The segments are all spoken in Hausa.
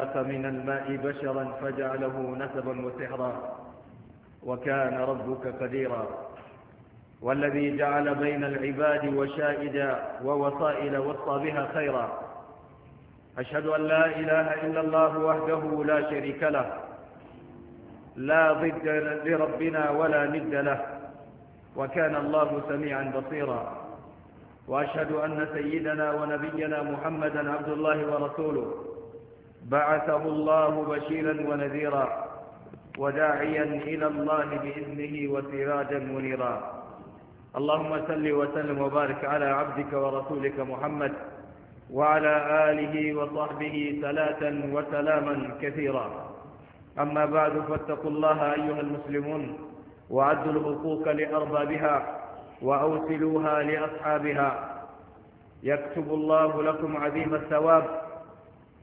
أخ من الماء بشرا فجعله نسبا وسحرا وكان ربك قديرا والذي جعل بين العباد وشائدا ووصائل وصى بها خيرا أشهد أن لا إله إلا الله وحده لا شريك له لا ضد لربنا ولا ند له وكان الله سميعا بصيرا وأشهد أن سيدنا ونبينا محمدا عبد الله ورسوله بعثه الله بشيرا ونذيرا وداعيا إلى الله بإذنه وسراجا منيرا اللهم صل وسلم وبارك على عبدك ورسولك محمد وعلى آله وصحبه ثلاثا وسلاما كثيرا أما بعد فاتقوا الله أيها المسلمون وعدوا الحقوق لأربابها وأوصلوها لأصحابها يكتب الله لكم عظيم الثواب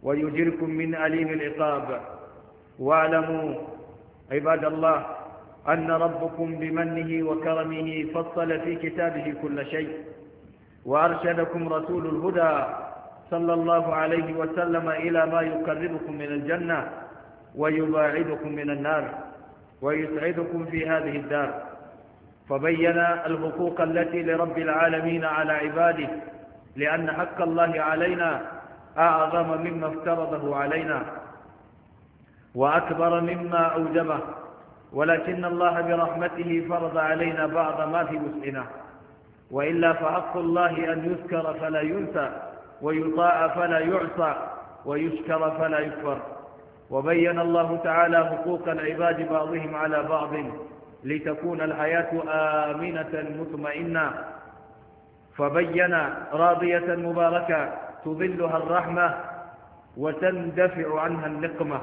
ويجركم من أليم العقاب واعلموا عباد الله أن ربكم بمنه وكرمه فصل في كتابه كل شيء وأرشدكم رسول الهدى صلى الله عليه وسلم إلى ما يقربكم من الجنة ويباعدكم من النار ويسعدكم في هذه الدار فبين الحقوق التي لرب العالمين على عباده لأن حق الله علينا أعظم مما افترضه علينا وأكبر مما أوجبه ولكن الله برحمته فرض علينا بعض ما في وسعنا وإلا فحق الله أن يذكر فلا ينسى ويطاع فلا يعصى ويشكر فلا يكفر وبين الله تعالى حقوق العباد بعضهم على بعض لتكون الحياة آمنة مطمئنة فبين راضية مباركة تظلها الرحمة وتندفع عنها النقمة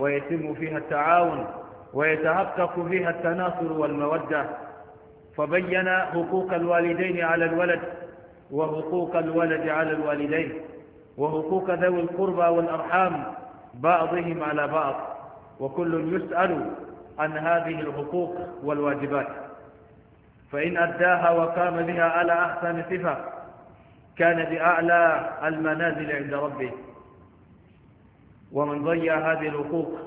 ويتم فيها التعاون ويتحقق فيها التناصر والمودة فبين حقوق الوالدين على الولد وحقوق الولد على الوالدين وحقوق ذوي القربى والأرحام بعضهم على بعض وكل يسأل عن هذه الحقوق والواجبات فإن أداها وقام بها على أحسن صفة كان بأعلى المنازل عند ربه ومن ضيع هذه الوقوق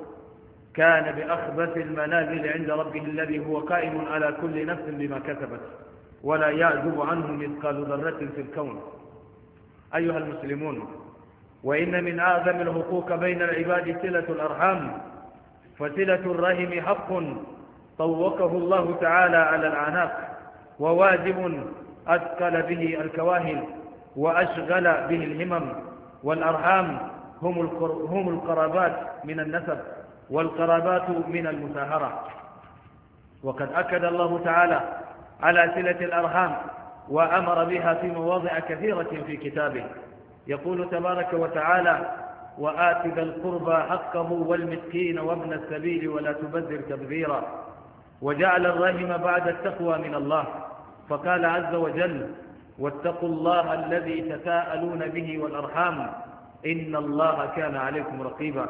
كان بأخبث المنازل عند ربه الذي هو قائم على كل نفس بما كسبت ولا يعجب عنه مثقال ذرة في الكون أيها المسلمون وإن من أعظم الحقوق بين العباد صلة الأرحام فصلة الرحم حق طوقه الله تعالى على العناق وواجب أثقل به الكواهل وأشغل به الهمم والأرحام هم هم القرابات من النسب والقرابات من المساهرة وقد أكد الله تعالى على صلة الأرحام وأمر بها في مواضع كثيرة في كتابه يقول تبارك وتعالى وآت ذا القربى حقه والمسكين وابن السبيل ولا تبذر تبذيرا وجعل الرحم بعد التقوى من الله فقال عز وجل واتقوا الله الذي تساءلون به والأرحام إن الله كان عليكم رقيبا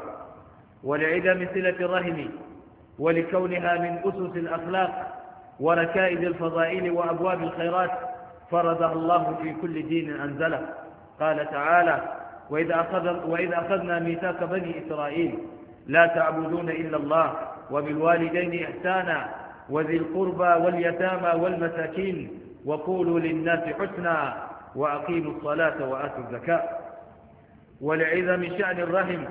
ولعدم صلة الرحم ولكونها من أسس الأخلاق وركائد الفضائل وأبواب الخيرات فرضها الله في كل دين أنزله قال تعالى وإذا, أخذ وإذا أخذنا ميثاق بني إسرائيل لا تعبدون إلا الله وبالوالدين إحسانا وذي القربى واليتامى والمساكين وقولوا للناس حسنا وأقيموا الصلاة وآتوا الزكاة ولعظم شأن الرحم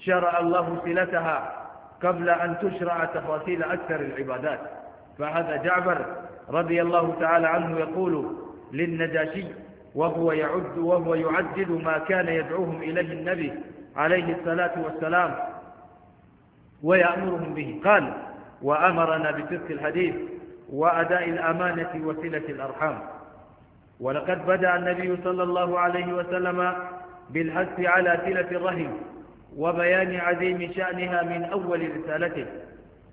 شرع الله صلتها قبل أن تشرع تفاصيل أكثر العبادات فهذا جعبر رضي الله تعالى عنه يقول للنجاشي وهو يعد وهو يعدد ما كان يدعوهم إليه النبي عليه الصلاة والسلام ويأمرهم به قال وأمرنا بترك الحديث وأداء الأمانة وصلة الأرحام ولقد بدأ النبي صلى الله عليه وسلم بالحث على صلة الرحم وبيان عظيم شأنها من أول رسالته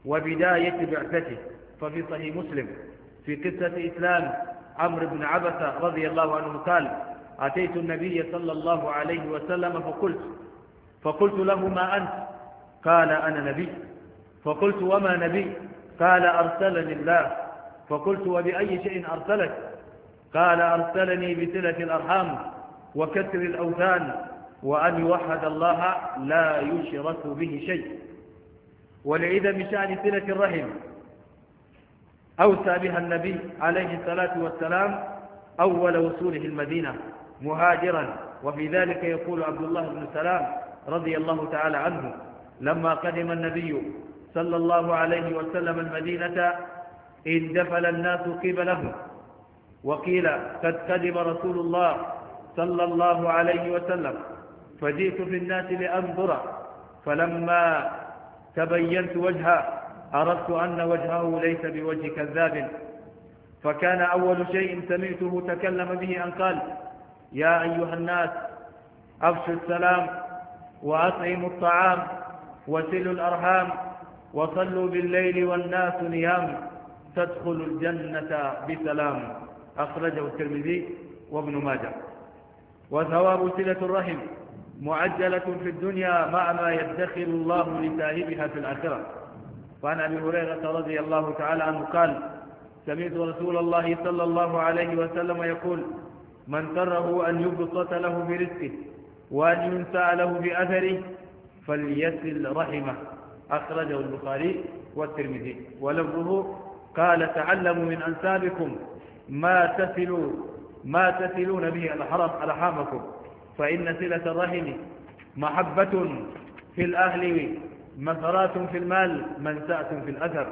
وبداية بعثته ففي صحيح مسلم في قصة إسلام عمرو بن عبسة رضي الله عنه قال أتيت النبي صلى الله عليه وسلم فقلت فقلت له ما أنت قال أنا نبي فقلت وما نبي قال أرسلني الله فقلت وبأي شيء أرسلك قال أرسلني بصلة الأرحام وكسر الأوثان وأن يوحد الله لا يشرك به شيء ولعذا بشأن صلة الرحم أوسى بها النبي عليه الصلاة والسلام أول وصوله المدينة مهاجرا وفي ذلك يقول عبد الله بن سلام رضي الله تعالى عنه لما قدم النبي صلى الله عليه وسلم المدينة إن دفل الناس قبله وقيل قد قدم رسول الله صلى الله عليه وسلم فجئت في الناس لأنظر فلما تبينت وجهه أردت أن وجهه ليس بوجه كذاب فكان أول شيء سمعته تكلم به أن قال يا أيها الناس أفشوا السلام وأطعموا الطعام وسلوا الأرحام وصلوا بالليل والناس نيام تدخل الجنة بسلام أخرجه الترمذي وابن ماجه وثواب صلة الرحم معجلة في الدنيا مع ما يدخر الله لساهبها في الآخرة وعن أبي هريرة رضي الله تعالى عنه قال سمعت رسول الله صلى الله عليه وسلم يقول من سره أن يبسط له برزقه وأن ينسى له بأثره فليسل رحمه أخرجه البخاري والترمذي ولفظه قال تعلموا من أنسابكم ما تثلوا ما تسلون به الحرم أرحامكم فإن صلة الرحم محبة في الأهل مثرات في المال منسأة في الأثر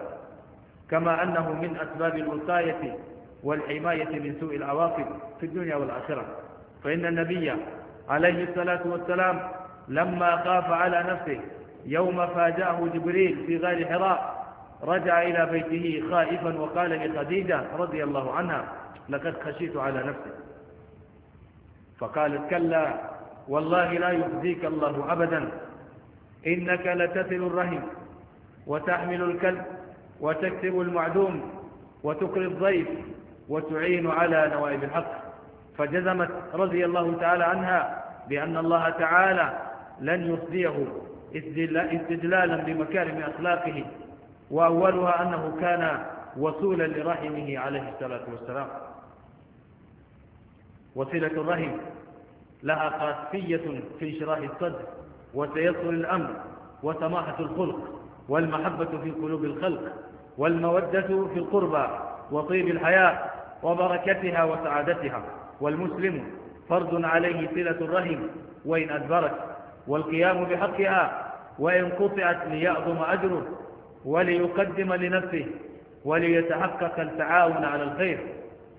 كما أنه من أسباب الوقاية والحماية من سوء العواقب في الدنيا والآخرة فإن النبي عليه الصلاة والسلام لما خاف على نفسه يوم فاجأه جبريل في غار حراء رجع إلى بيته خائفا وقال لخديجة رضي الله عنها لقد خشيت على نفسك فقالت كلا والله لا يخزيك الله أبدا إنك لتثل الرحم وتحمل الكلب وتكتب المعدوم وتقري الضيف وتعين على نوائب الحق فجزمت رضي الله تعالى عنها بأن الله تعالى لن يخزيه استدلالا بمكارم أخلاقه وأولها أنه كان وصولا لرحمه عليه الصلاة والسلام وصلة الرحم لها خاصية في انشراح الصدر وتيسر الأمر وسماحة الخلق والمحبة في قلوب الخلق والمودة في القربى وطيب الحياة وبركتها وسعادتها والمسلم فرض عليه صلة الرحم وإن أدبرت والقيام بحقها وإن قطعت ليعظم أجره وليقدم لنفسه وليتحقق التعاون على الخير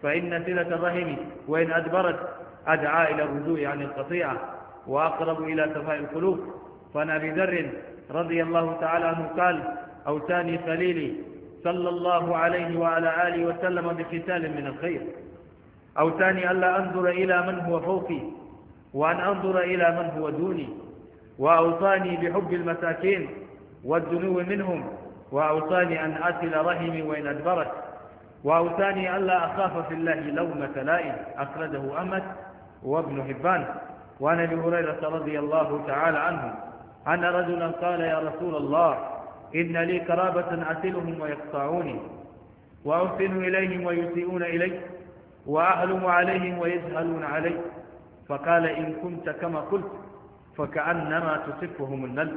فإن سلة الرحم وإن أدبرت أدعى إلى الرجوع عن القطيعة وأقرب إلى صفاء القلوب فأنا بذر رضي الله تعالى عنه قال أوتاني خليلي صلى الله عليه وعلى آله وسلم بقتال من الخير أوتاني ألا أنظر إلى من هو فوقي وأن أنظر إلى من هو دوني وأوصاني بحب المساكين والدنو منهم وأوصاني أن أصل رحمي وإن أدبرت وأوصاني ألا أخاف في الله لومة لائم أخرجه أمت وابن حبان وعن أبي هريرة رضي الله تعالى عنه أن رجلا قال يا رسول الله إن لي قرابة أسلهم ويقطعوني وأحسن إليهم ويسيئون إلي وأعلم عليهم ويجهلون علي فقال إن كنت كما قلت فكأنما تصفهم النل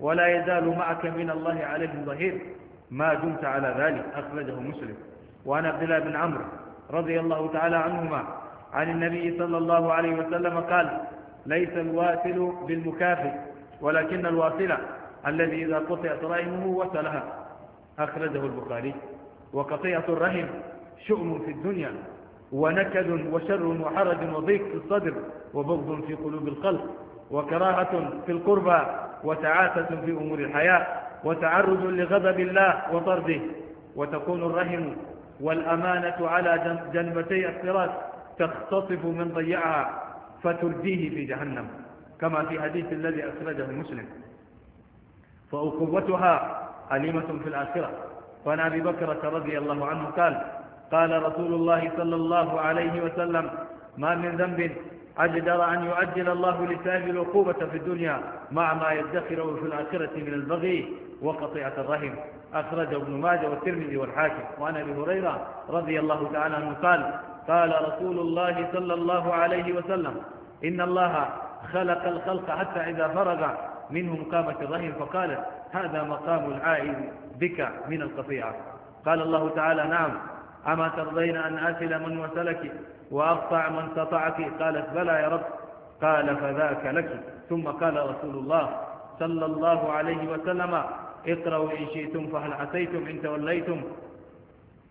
ولا يزال معك من الله عليهم ظهير ما دمت على ذلك أخرجه مسلم وعن عبد الله بن عمرو رضي الله تعالى عنهما عن النبي صلى الله عليه وسلم قال ليس الواصل بالمكافئ ولكن الواصل الذي إذا قطعت رحمه وصلها أخرجه البخاري وقطيعة الرحم شؤم في الدنيا ونكد وشر وحرج وضيق في الصدر وبغض في قلوب الخلق وكراهة في القربى وتعاسة في أمور الحياة وتعرض لغضب الله وطرده وتكون الرحم والأمانة على جنبتي الصراط تختطف من ضيعها فترديه في جهنم كما في حديث الذي أخرجه مسلم فأقوتها أليمة في الآخرة وعن أبي بكرة رضي الله عنه قال قال رسول الله صلى الله عليه وسلم ما من ذنب أجدر أن يؤجل الله لسائب العقوبة في الدنيا مع ما يدخره في الآخرة من البغي وقطيعة الرحم أخرج ابن ماجه والترمذي والحاكم وعن أبي هريرة رضي الله تعالى عنه قال قال رسول الله صلى الله عليه وسلم إن الله خلق الخلق حتى إذا فرغ منهم قامت الرحم فقالت هذا مقام العائد بك من القطيعة قال الله تعالى نعم أما ترضين أن أسل من وسلك وأقطع من قطعك قالت بلى يا رب قال فذاك لك ثم قال رسول الله صلى الله عليه وسلم اقرأوا إن شئتم فهل عسيتم إن توليتم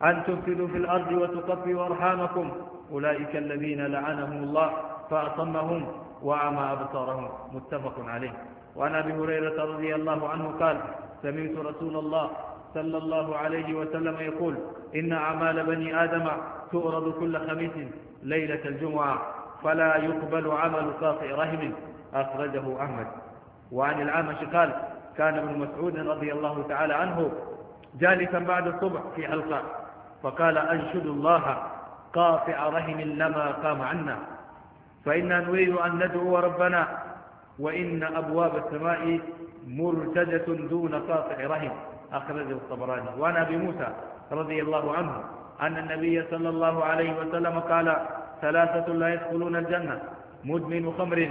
أن تفسدوا في الأرض وتقفوا أرحامكم أولئك الذين لعنهم الله فأصمهم وعمى أبصارهم متفق عليه وعن أبي هريرة رضي الله عنه قال سمعت رسول الله صلى الله عليه وسلم يقول إن أعمال بني آدم تؤرض كل خميس ليلة الجمعة فلا يقبل عمل قاطع رحم أخرجه أحمد وعن العامش قال كان ابن مسعود رضي الله تعالى عنه جالسا بعد الصبح في حلقة فقال أنشد الله قاطع رحم لما قام عنا فإنا نريد أن ندعو ربنا وإن أبواب السماء مرتدة دون قاطع رحم أخرجه الطبراني وعن أبي موسى رضي الله عنه أن النبي صلى الله عليه وسلم قال ثلاثة لا يدخلون الجنة مدمن خمر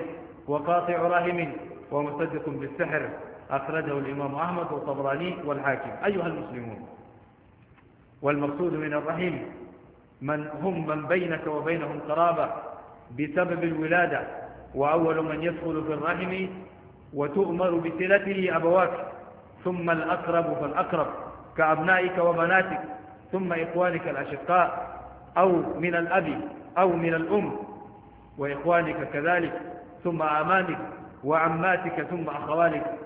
وقاطع رحم ومصدق بالسحر أخرجه الإمام أحمد والطبراني والحاكم أيها المسلمون والمقصود من الرحيم من هم من بينك وبينهم قرابة بسبب الولادة وأول من يدخل في الرحم وتؤمر بصلته أبواك ثم الأقرب فالأقرب كأبنائك وبناتك ثم إخوانك الأشقاء أو من الأب أو من الأم وإخوانك كذلك ثم أمانك وعماتك ثم أخوالك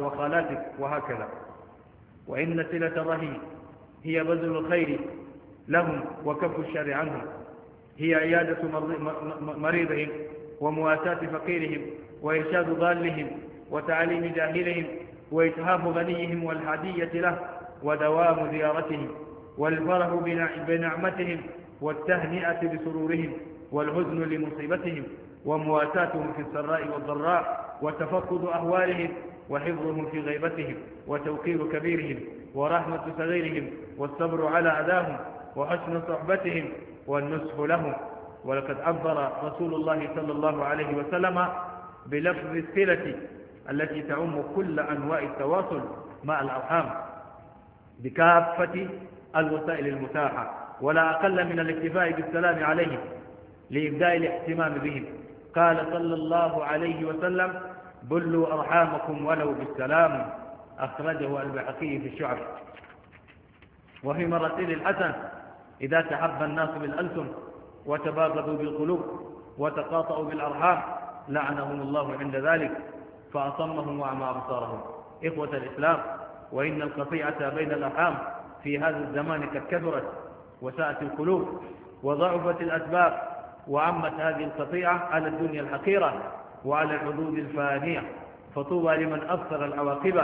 وخالاتك وهكذا وإن سلة الرحم هي بذل الخير لهم وكف الشر عنهم هي عيادة مريضهم ومواساة فقيرهم وإرشاد ضالهم وتعليم جاهلهم وإتهام غنيهم والهدية له ودوام زيارتهم والفرح بنعمتهم والتهنئة بسرورهم والحزن لمصيبتهم ومواساتهم في السراء والضراء وتفقد أهوالهم وحفظهم في غيبتهم وتوقير كبيرهم ورحمة صغيرهم والصبر على أذاهم وحسن صحبتهم والنصح لهم ولقد عبر رسول الله صلى الله عليه وسلم بلفظ الصلة التي تعم كل أنواع التواصل مع الأرحام بكافة الوسائل المتاحة ولا أقل من الاكتفاء بالسلام عليهم لإبداء الاهتمام بهم قال صلى الله عليه وسلم بلوا أرحامكم ولو بالسلام أخرجه البحقي في الشعر وفي مرسيل الحسن إذا تحب الناس بالألسن وتباغضوا بالقلوب وتقاطعوا بالأرحام لعنهم الله عند ذلك فأصمهم وأعمى أبصارهم إخوة الإسلام وإن القطيعة بين الأرحام في هذا الزمان قد كثرت وساءت القلوب وضعفت الأسباب وعمت هذه القطيعة على الدنيا الحقيرة وعلى الحدود الفانية فطوبى لمن أبصر العواقب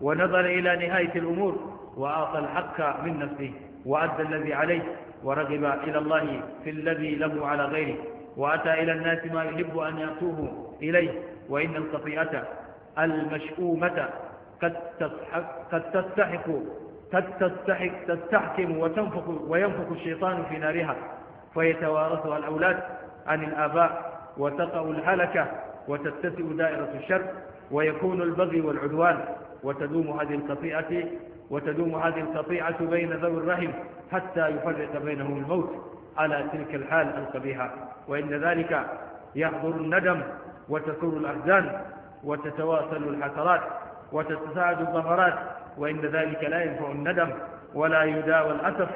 ونظر إلى نهاية الأمور وأعطى الحق من نفسه وأدى الذي عليه ورغب إلى الله في الذي له على غيره وأتى إلى الناس ما يحب أن يأتوه إليه وإن الخطيئة المشؤومة قد قد تستحق قد تستحق تستحكم وتنفخ وينفخ الشيطان في نارها فيتوارثها الأولاد عن الآباء وتقع الهلكة وتتسع دائرة الشر ويكون البغي والعدوان وتدوم هذه الخطيئة وتدوم هذه القطيعة بين ذوي الرحم حتى يفرق بينهم الموت على تلك الحال القبيحة وإن ذلك يحضر الندم وتكون الأحزان وتتواصل الحسرات وتتساعد الظفرات وإن ذلك لا ينفع الندم ولا يداوى الأسف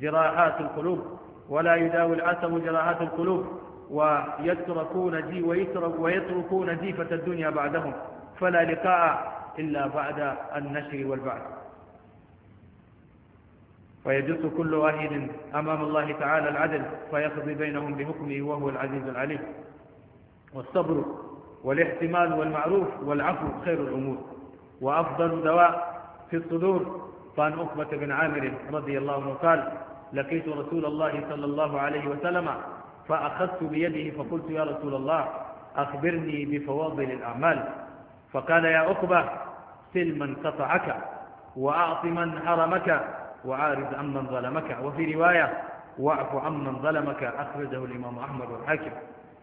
جراحات القلوب ولا يداوي الأسف جراحات القلوب ويتركون جي ويترك ويتركون جيفة الدنيا بعدهم فلا لقاء إلا بعد النشر والبعث فيجس كل واحد أمام الله تعالى العدل فيقضي بينهم بحكمه وهو العزيز العليم والصبر والاحتمال والمعروف والعفو خير الأمور وأفضل دواء في الصدور فعن أقبة بن عامر رضي الله عنه قال لقيت رسول الله صلى الله عليه وسلم فأخذت بيده فقلت يا رسول الله أخبرني بفواضل الأعمال فقال يا أقبة سل من قطعك وأعط من حرمك وعارض عمن ظلمك وفي رواية واعف عمن ظلمك أخرجه الإمام أحمد الحاكم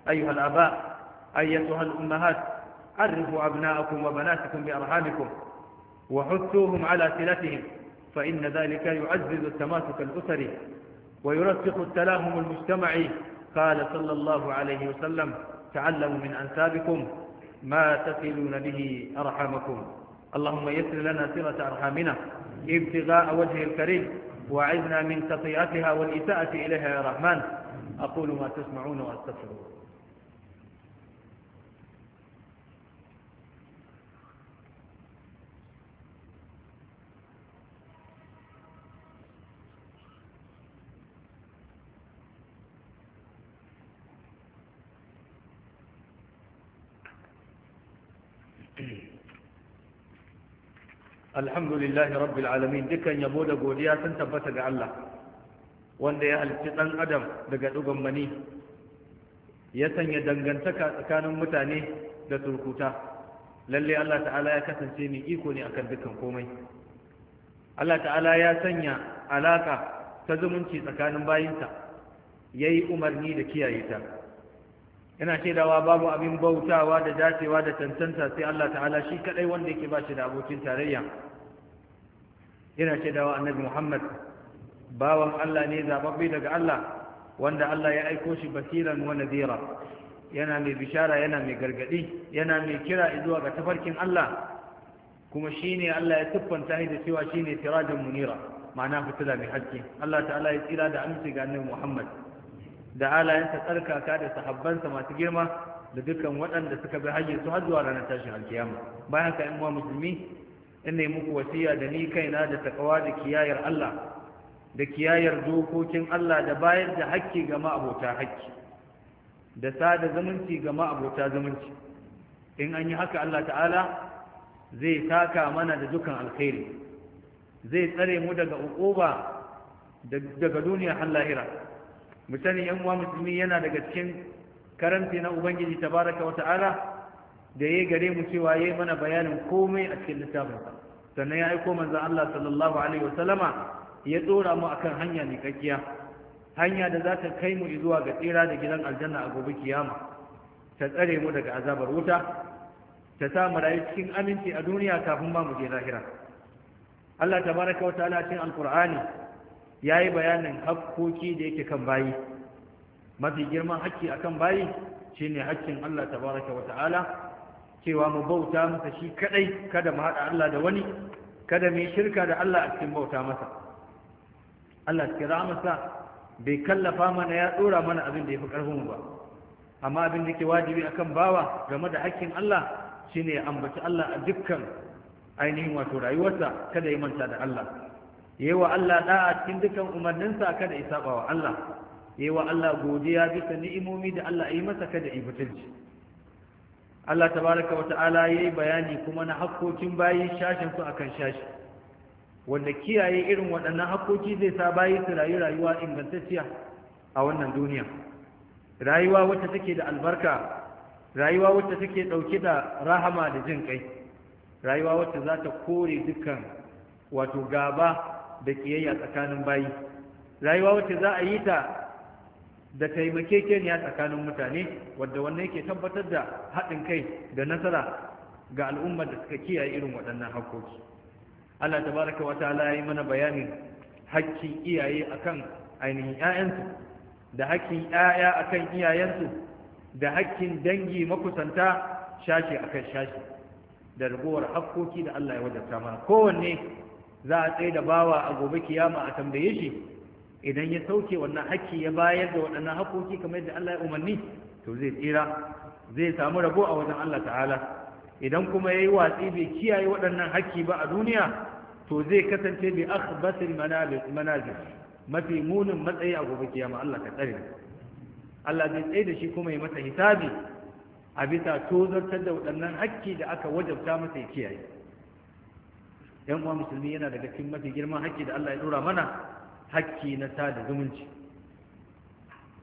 أيها الآباء أيتها الأمهات عرفوا أبناءكم وبناتكم بأرحامكم وحثوهم على صلتهم فإن ذلك يعزز التماسك الأسري ويرسخ التلاهم المجتمعي قال صلى الله عليه وسلم تعلموا من أنسابكم ما تصلون به أرحامكم اللهم يسر لنا سرة أرحامنا ابتغاء وجه الكريم وعذنا من تطيئتها والإساءة إليها يا رحمن أقول ما تسمعون وأستغفر الله Alhamdulillah rabbil alamin dukan yabo da godiya sun tabbata ga Allah wanda ya halci dan adam daga dugun mani ya sanya dangantaka tsakanin mutane da turkuta lalle Allah ta'ala ya kasance mai iko ne akan dukan komai Allah ta'ala ya sanya alaka ta zumunci tsakanin bayinsa yayi umarni da kiyaye ta ina shaidawa babu abin bautawa da dacewa da tantanta sai Allah ta'ala shi kadai wanda yake ba shi da abokin tarayya ina shaidawa annabi Muhammad bawan Allah ne zababbe daga Allah wanda Allah ya aiko shi basiran wa nadira yana mai bishara yana mai gargadi yana mai kira zuwa ga tafarkin Allah kuma shine Allah ya siffanta shi da cewa shine sirajun munira ma'ana fitila mai haske Allah ta'ala ya tsira da aminci ga annabi Muhammad da alayensa tsarkaka da sahabbansa masu girma da dukkan waɗanda suka bi hajji su har zuwa ranar tashin alkiyama bayan ka yan musulmi in ne muku wasiya da ni kaina da takawa da kiyayar Allah da kiyayar dokokin Allah da bayar da hakki ga ma'abota hakki da sada zumunci ga ma'abota zumunci in an yi haka Allah ta'ala zai taka mana da dukan alkhairi zai tsare mu daga uquba daga duniya har lahira mu sani yan uwa musulmi yana daga cikin karanti na ubangiji tabaraka wata'ala da ya gare mu cewa ya yi mana bayanin komai a cikin littafin sannan ya aiko manzan Allah sallallahu alaihi wasallama ya tsora mu akan hanya ne hanya da za ta kai mu zuwa ga tsira da gidan aljanna a gobe kiyama ta tsare mu daga azabar wuta ta sa mu rayu cikin aminci a duniya kafin ba mu je lahira Allah tabaraka wa ta'ala cikin Alkur'ani. ya yi bayanin hakkoki da yake kan bayi mafi girman hakki akan bayi shine hakkin Allah tabaraka wa ta'ala cewa mu bauta masa shi kadai kada mu haɗa Allah da wani kada mu shirka da Allah a cikin bauta masa Allah cikin rahamarsa bai kallafa mana ya ɗora mana abin da ya fi karfin ba amma abin da ke wajibi akan bawa game da hakkin Allah shine ya ambaci Allah a dukkan ainihin wato rayuwarsa kada ya manta da Allah yi wa Allah ɗa'a cikin dukan umarninsa kada ya saba wa Allah yi wa Allah godiya bisa ni'imomi da Allah ya yi masa kada ya butulci Allah tabaraka wa ta'ala yayi bayani kuma na hakkokin bayi shashin su akan shashi wanda kiyaye irin waɗannan hakkoki zai sa bayi su rayu rayuwa ingantacciya a wannan duniya rayuwa wacce take da albarka rayuwa wacce take ɗauke da rahama da jin kai rayuwa wacce za ta kore dukkan wato gaba da kiyayya tsakanin bayi rayuwa wacce za a yi ta da taimakekeniya tsakanin mutane wadda wannan yake tabbatar da haɗin kai da nasara ga al'ummar da suka kiyaye irin waɗannan hakkoki Allah ta baraka wata yi mana bayanin haƙƙin iyaye akan ainihin 'ya'yansu da haƙƙin 'ya'ya akan iyayensu da hakkin dangi makusanta shashi akan shashi da ragowar hakkoki da Allah ya wajabta mana kowanne za a tsaye da bawa a gobe kiyama a tambaye shi idan ya sauke wannan haƙƙi ya bayar da waɗannan haƙoƙi kamar yadda Allah ya umarni to zai tsira zai samu rabo a wajen Allah ta'ala idan kuma yayi watsi bai kiyaye waɗannan haƙƙi ba a duniya to zai kasance bi akhbasil manazil mafi munin matsayi a gobe kiyama Allah ka tsare Allah zai tsaye da shi kuma ya masa hisabi a bisa tozartar da waɗannan haƙƙi da aka wajabta masa ya kiyaye yan uwa musulmi yana daga cikin mafi girman haƙƙi da Allah ya dora mana haƙƙi na ta da zumunci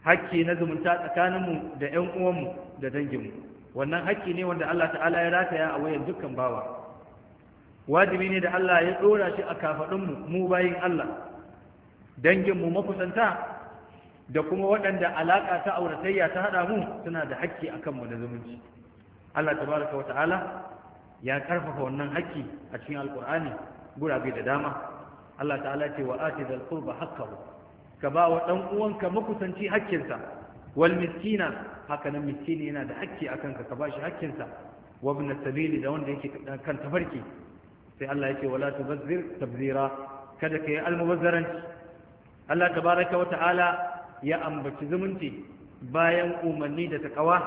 haƙƙi na zumunta tsakaninmu da yan mu da danginmu wannan haƙƙi ne wanda Allah ta'ala ya rataya a wayan dukkan bawa wajibi ne da Allah ya dora shi a kafadun mu bayin Allah danginmu makusanta da kuma waɗanda alaƙa ta auratayya ta haɗa mu suna da haƙƙi akan mu da zumunci Allah tabaraka wa ta'ala ya karfafa wannan haƙƙi a cikin alkur'ani gurabe da dama Allah ta'ala ce wa ati dal qurba haqqahu ka ba wa dan uwanka makusanci haƙƙinsa wal miskina haka nan miskini yana da haƙƙi akan ka ka ba shi haƙƙinsa wa ibn sabili da wanda yake kan tafarki sai Allah yake wala tubazzir tabzira kada ka yi almubazzaranci Allah tabaraka wa ta'ala ya ambaci zumunci bayan umarni da takawa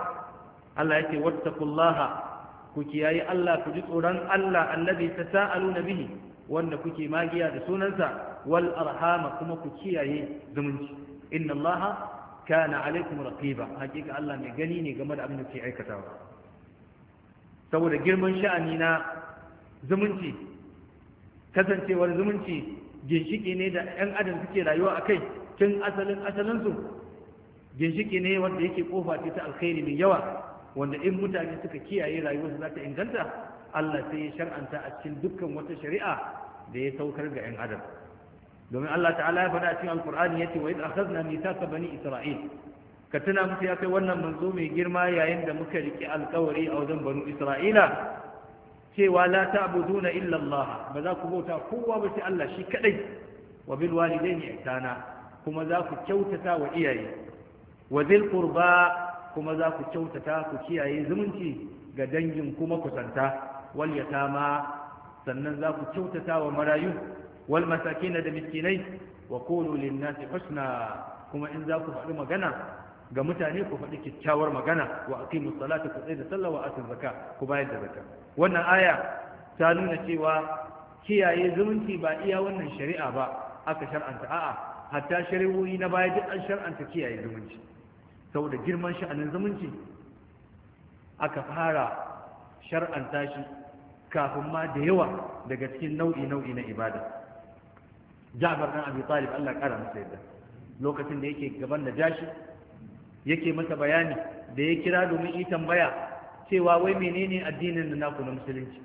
Allah yake wattaqullaha ku kiyayi Allah ku ji tsoron Allah allazi tasaaluna bihi wanda kuke magiya da sunansa wal arhama kuma ku kiyaye zumunci inna Allah kana alaikum raqiba hakika Allah mai gani ne game da abin da ke aikatawa saboda girman sha'ani na zumunci kasancewar zumunci ginshiki ne da 'yan adam suke rayuwa a kai tun asalin asalinsu ginshiki ne wanda yake kofa ce ta alkhairi mai yawa wanda in mutane suka kiyaye rayuwarsu za ta inganta Allah sai ya shar'anta a cikin dukkan wata shari'a da ya saukar ga 'yan adam domin Allah ta'ala ya faɗa cikin alkur'ani yace wa idh akhadna mithaqa bani isra'il ka tuna musu ya kai wannan manzo mai girma yayin da muka riki alkawari a wajen banu isra'ila cewa la ta'buduna illa Allah ba za ku bauta kowa ba sai Allah shi kadai wa bil walidaini ihsana kuma za ku kyautata wa iyaye wa dhil qurba kuma za ku kyautata ku kiyaye zumunci ga dangin kuma kusanta wal yatama sannan za ku kyautata wa marayu wal masakina da miskinai wa qulu lin husna kuma in za ku faɗi magana ga mutane ku faɗi kyakkyawar magana wa aqimu salata ku tsaya da sallah wa atu zakka ku bayar da zakka wannan aya ta nuna cewa kiyaye zumunci ba iya wannan shari'a ba aka shar'anta a'a hatta shari'o'i na baya duk an shar'anta kiyaye zumunci saboda girman sha'anin zumunci aka fara shar'anta shi kafin ma da yawa daga cikin nau'i nau'i na ibada Ja'far dan Abi Talib Allah kara masa yadda lokacin da yake gaban da jashi yake masa bayani da ya kira domin yi tambaya cewa wai menene addinin da naku na musulunci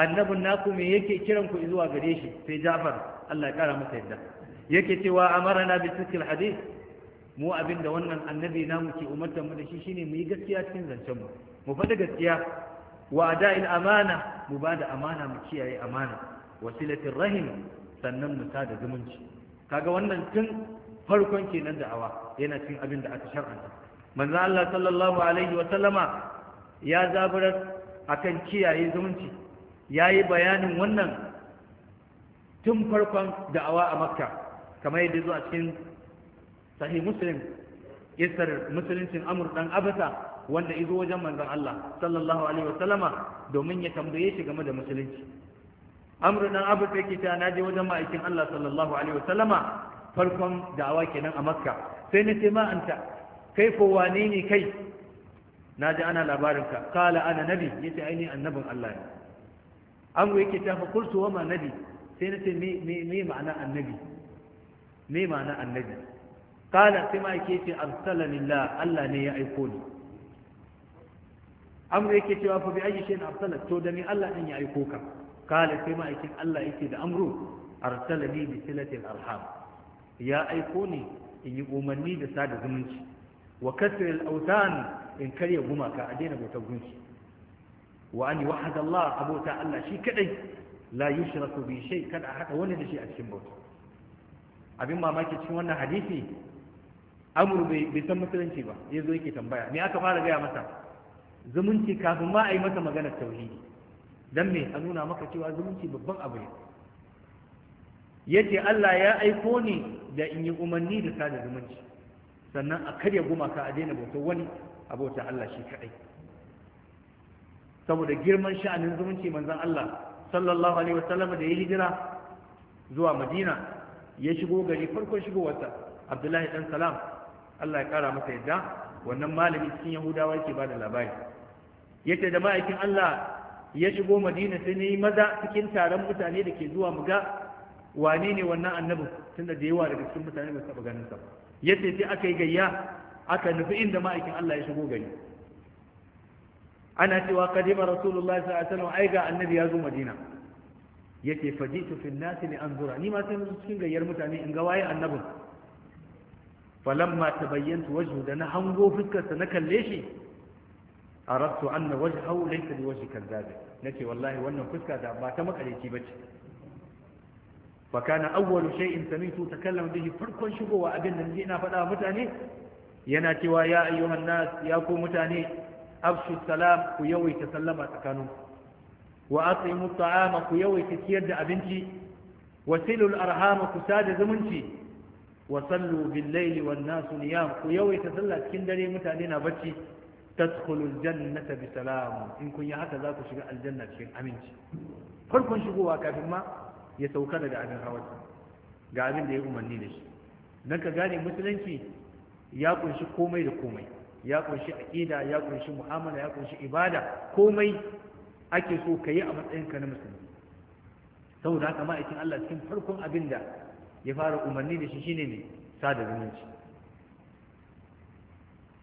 annabin naku me yake kiran ku zuwa gare shi sai Ja'far Allah ya kara masa yadda yake cewa na bi tilkil hadith mu abin da wannan annabi namu ke umartar mu da shi shine mu yi gaskiya cikin zancen mu mu faɗi gaskiya wa in amana mu ba da amana mu kiyaye amana wasilatir rahim sannan mu da zumunci kaga wannan tun farkon kenan da'awa yana cikin abin da aka shar'anta manzo Allah sallallahu alaihi wa sallama ya zaburar akan kiyaye zumunci yayi bayanin wannan tun farkon da'awa a makka kamar yadda zuwa cikin sahih muslim kissar musuluncin amur dan abasa wanda izo wajen manzon Allah sallallahu alaihi wasallama domin ya tambaye shi game da musulunci amru dan Abasa yake ta na je wajen ma'aikin Allah sallallahu alaihi wasallama farkon da'awa kenan a makka sai na ce ma anta kai ko wane ne kai na ana labarin ka kala ana nabi yace ai ni annabin Allah ne amru yake ta fa kultu wa ma nabi sai na ce me me ma'ana annabi me ma'ana annabi kala sai ma yake ce Allah ne ya aiko ni amru yake cewa fa bi ayi shay'in arsala to da ni Allah din ya aiko ka kala sai ma yake Allah yake da amru arsalani bi silatil arham ya aiko ni in yi umarni da sada zumunci wa kasril awtan in karya gumaka a daina bautar gunki wa an wahada Allah abota Allah shi kadai la yushraku bi shay kada hada wani da shi a cikin bauta abin mamaki cikin wannan hadisi amur bai san musulunci ba ya zo yake tambaya me aka fara gaya masa zumunci kafin ma a yi masa maganar tauhidi Don me a nuna maka cewa zumunci babban abu ne Yadda Allah ya aiko ni da in yi umarni da sada zumunci sannan a karya gumaka a daina bautar wani a Allah shi kaɗai saboda girman sha'anin zumunci manzon Allah sallallahu alaihi wasallam da ya hijira zuwa Madina ya shigo gari farkon shigowarsa Abdullahi dan Salam Allah ya kara masa yadda wannan malami cikin yahudawa yake bada labari yace da ma'aikin Allah ya shigo madina sai ne maza cikin taron mutane da ke zuwa muga wane ne wannan annabin tunda da yawa daga cikin mutane ba su taɓa ganin sa yace sai aka yi gayya aka nufi inda ma'aikin Allah ya shigo gari ana cewa kadima rasulullahi sallallahu alaihi wasallam ai ga annabi ya zo madina yace fajitu fil nas li anzura ni ma sai cikin gayyar mutane in ga waye annabin falamma tabayyantu wajhu da na hango fuskarsa na kalle shi arabtu anna wajhahu laysa biwajhi kadhab nace wallahi wannan fuska da ba ta makareci bace fa kana awwalu shay'in sami'tu takallama bihi farkon shigowa abin nan ina faɗa mutane yana cewa ya ayyuhan nas ya ku mutane afshu salam ku yawaita sallama tsakaninku wa aqimu ta'ama ku yawaita ciyar da abinci wasilul arhama ku sada zumunci wasallu bin laili wa nasu niyam ku yawaita sallah cikin dare mutane na bacci tadkhulu aljannata bi salam in kun yi haka za ku shiga aljanna cikin aminci farkon shigowa kafin ma ya sauka daga abin hawar ga abin da ya umarni da shi dan ka gane musulunci ya kunshi komai da komai ya kunshi aqida ya kunshi mu'amala ya kunshi ibada komai ake so ka yi a matsayinka na musulmi saboda haka ma'aikin Allah cikin farkon abinda. ya fara umarni da shi shine ne sada zumunci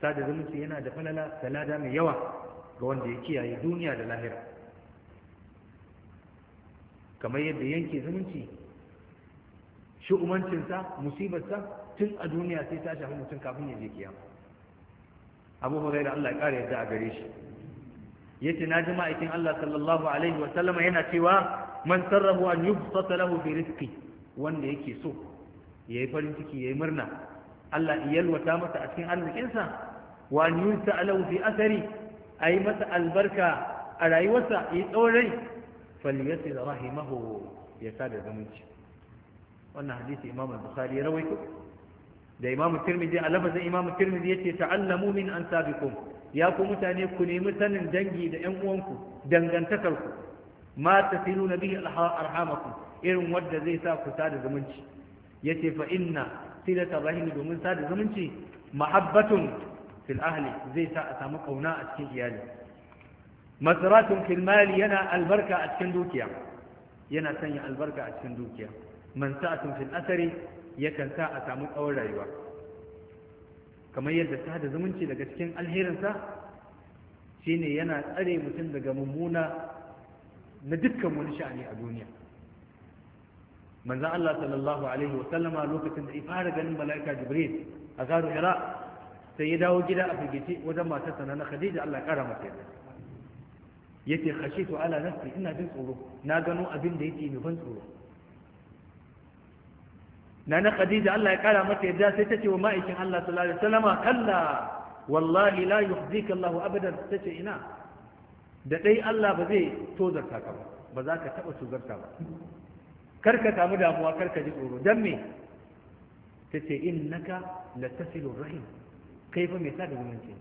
sada zumunci yana da falala salada mai yawa ga wanda ya kiyaye duniya da lahira kamar yadda yanke zumunci umarcinsa musibarsa tun a duniya sai ta shafi mutum kafin ya je kiyama abu da Allah ya kare yadda a gare shi ce na ji ma'aikin Allah sallallahu alaihi wa yana cewa man sarrafu an yubsata lahu fi rizqi wanda yake so ya yi farin ciki ya yi murna Allah iyalwata masa a cikin arzikinsa wa niyun ta'alau fi asari a yi masa albarka a rayuwarsa ya yi tsawon rai falyasi da rahimahu ya sada zumunci wannan hadisi imam al-bukhari ya rawaito da imam tirmidhi a lafazin imam tirmidhi yace ta'allamu min ansabikum ya ku mutane ku nemi sanin dangi da 'yan uwanku dangantakarku ma tasiluna bihi arhamakum irin wadda zai sa ku sada zumunci ya ce fa inna silata rahimi domin sada zumunci mahabbatun fil ahli zai sa a samu kauna a cikin iyali masaratun fil yana albarka a cikin dukiya yana sanya albarka a cikin dukiya mansa'atun fil asari yakan sa a samu tsawon rayuwa kamar yadda sada zumunci daga cikin alherinsa shine yana tsare mutum daga mummuna na dukkan wani sha'ani a duniya manzo Allah sallallahu alaihi wa sallama lokacin da fara ganin mala'ika jibril a garo Hira sai ya dawo gida a firgice wajen matar sana na khadija Allah ya kara mata yadda yace khashitu ala nafsi ina jin tsoro na gano abin da yake ban tsoro na na khadija Allah ya kara mata yadda sai ta ce wa ma'aikin Allah sallallahu alaihi wa sallama kalla wallahi la yuhdika Allah abadan tace ina da dai Allah ba zai tozarta ka ba ba za ka taba tozarta ba karka samu damuwa karka ji tsoro don me ta ce in innaka latasilur rahim kai fa mai sada zumunci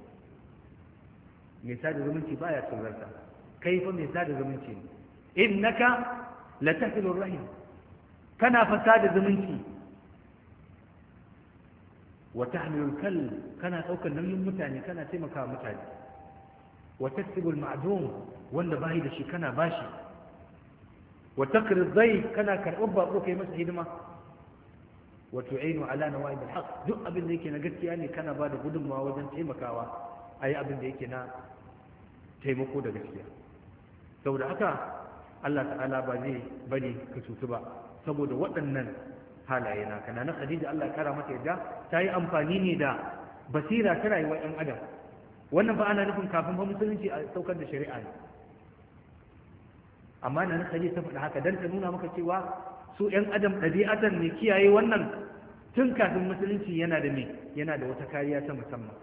mai sada zumunci baya tsorarsa kai fa mai sada zumunci innaka latasilur rahim kana fa sada zumunci wa tahmilul kal kana ɗaukar nauyin mutane kana taimaka mutane wata tasibul ma'dum wanda bayi da shi kana bashi Wata kirzai zai kana karɓar baƙo kai masa hidima wa tu'inu ala nawaib alhaq duk abin da yake na gaskiya ne kana ba da gudunmawa wajen taimakawa yi abin da yake na taimako da gaskiya saboda haka Allah ta'ala ba zai bari ka cutu ba saboda waɗannan halaye naka na Khadija Allah ya kara mata yadda ta yi amfani ne da basira ta rayuwar 'yan adam wannan ba ana nufin kafin ba musulunci a saukar da shari'a ne amma na nasari ta faɗi haka don ta nuna maka cewa su 'yan adam ɗabi'atan ne kiyaye wannan tun kafin musulunci yana da me yana da wata kariya ta musamman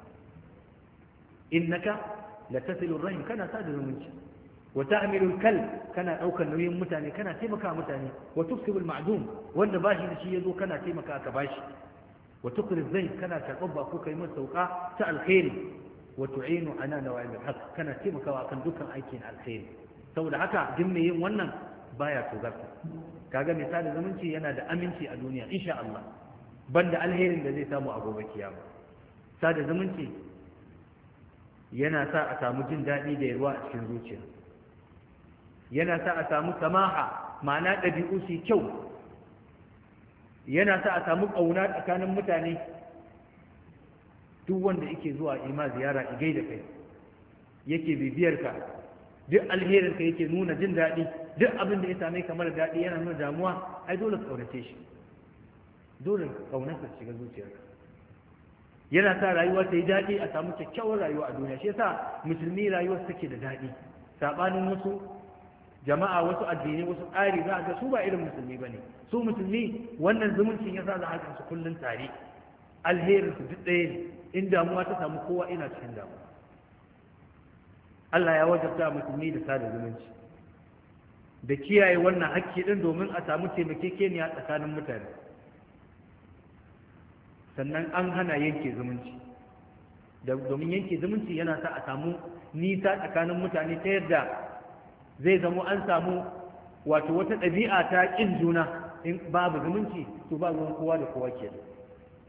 innaka la tasilu rahim kana da zumunci Wata ta'milu kal kana ɗaukar nauyin mutane kana taimaka mutane wa tuksibu al-ma'dum wanda bashi da shi ya zo, kana taimaka ka bashi wa tuqri zayd kana taqabba ko kai masa sauka ta alkhairi Wata tu'inu ana nawa'ib al kana taimakawa akan dukkan aikin alkhairi saboda haka duk yin wannan baya tozarta kaga misali sada zumunci yana da aminci a duniya insha Allah banda alherin da zai samu a gobe kiyama sada zumunci yana sa a samu jin daɗi da yarwa a cikin zuciya yana sa a samu samaha ma'ana ɗabi'u su kyau yana sa a samu ƙauna tsakanin mutane duk wanda yake zuwa ima ziyara igai da kai yake bibiyar ka duk alherin ka yake nuna jin daɗi duk abin da ya same ka mara daɗi yana nuna damuwa ai dole ka kaunace shi dole kaunarsa shiga zuciyarka yana sa rayuwa ta yi daɗi a samu kyakkyawar rayuwa a duniya shi yasa musulmi rayuwar take da daɗi saɓanin wasu jama'a wasu addini wasu tsari za a ga su ba irin musulmi ba ne su musulmi wannan zumuncin ya sa za a su kullum tare alherin su duk ɗaya ne in damuwa ta samu kowa ina cikin damuwa Allah ya wajabta musulmi da sada zumunci da kiyaye wannan hakki din domin a samu taimakekeniya tsakanin mutane sannan an hana yanke zumunci domin yanke zumunci yana sa a samu nisa tsakanin mutane ta yadda zai zamo an samu wato wata ɗabi'a ta ƙin juna in babu zumunci to ba ruwan kowa da kowa ke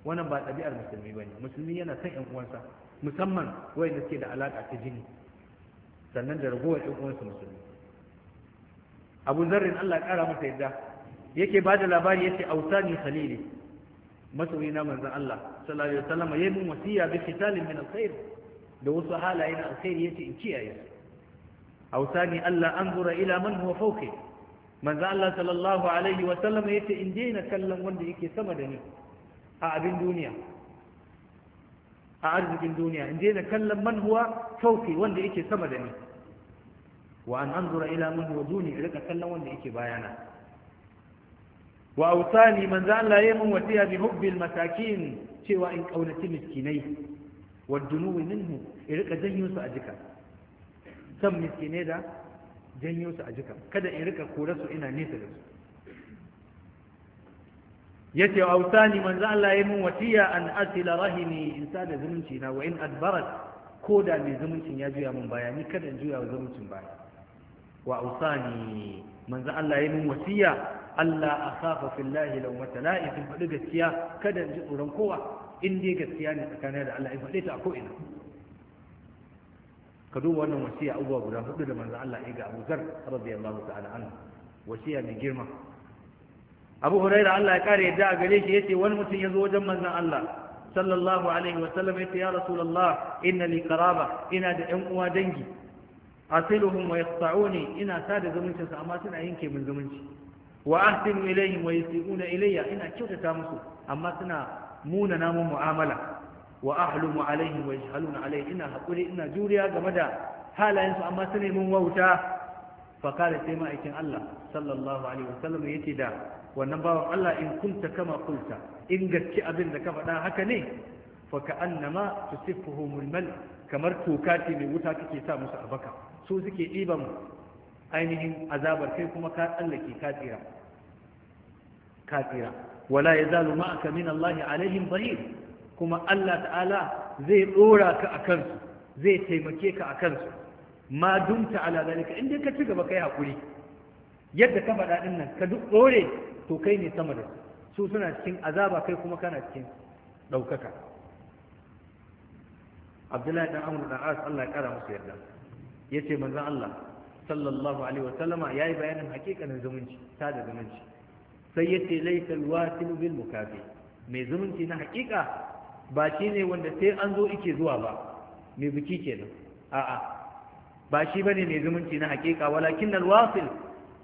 wannan ba ɗabi'ar musulmi ba ne musulmi yana son ƴan uwansa musamman wayanda suke da alaƙa ta jini sannan da ragowar ɗan uwansu musulmi abu zarrin Allah ƙara masa yadda yake ba da labari yace ne Salili. masauyi na manzan Allah sallallahu alaihi wasallam yi mun wasiya bi qitalin min alkhair da wasu halaye na alkhairi yace in kiyaye ne Allah An zura ila man huwa fauke manzan Allah sallallahu alaihi wasallam yace in daina kallon wanda yake sama da ni a abin duniya a arzikin duniya in daina kallon man huwa fauki wanda yake sama da ni wa an anzura ila man huwa duni in rika kallon wanda yake bayana wa man za Allah ya mun wasiya bi hubbil masakin cewa in kaunaci miskinai wa dunuwi minhu in rika janyo su a jika san miskinai da janyo su a jika kada in rika kore su ina nesa da su ya ce ausani manzo Allah ya mun wasiya an asila rahimi in da zumunci na wa in adbarat ko da mai zumuncin ya juya mun baya ni kada in juya zumuncin baya wa ausani manzo Allah ya mun wasiya Allah akhafa fillahi law matala'i in faɗi gaskiya kada in ji tsoron kowa in dai gaskiya ne tsakanin da Allah in faɗi ta a ko ina ka duba wannan wasiya abubuwa guda hudu da manzo Allah ya ga Abu Zar radiyallahu ta'ala anhu wasiya mai girma abu huraira Allah ya kare yadda a gare shi ce wani mutum ya zo wajen manzon Allah sallallahu alaihi wasallam yace ya rasulullah inna li qaraba ina da ƴan uwa dangi asiluhum wa yaqta'uni ina sada zumunci su amma suna yanke min zumunci wa ahsinu ilaihim wa yusiuna ilayya ina kyautata musu amma suna muna namun mu'amala wa ahlumu alaihim wa yajhaluna alayhi ina hakuri ina juriya game da halayen su amma suna mun wauta fa kare sai ma'aikin Allah sallallahu alaihi wasallam yace da wannan bawan Allah in kunta kama kulta in gaske abin da ka faɗa haka ne fa ka annama tusiffuhu mulmal kamar toka ce mai wuta kake sa musu a baka su suke ɗiban ainihin azabar kai kuma ka tsallake ka tsira ka tsira wala yazalu ma'aka min Allah alaihim zahir kuma Allah ta'ala zai ɗora ka a kansu, zai taimake ka a kansu, ma dunta ala zalika in dai ka ci gaba kai hakuri yadda ka faɗa ɗin nan ka duk ɗore to kai ne sama da su suna cikin azaba kai kuma kana cikin ɗaukaka abdullahi dan amur dan as Allah ya kara musu yarda yace manzon Allah sallallahu alaihi wa sallama yayi bayanin hakikanin zumunci ta da zumunci sai yace laysa alwasilu bil mukafi mai zumunci na hakika ba shi ne wanda sai an zo ike zuwa ba mai biki kenan a'a ba shi bane mai zumunci na hakika walakin alwasil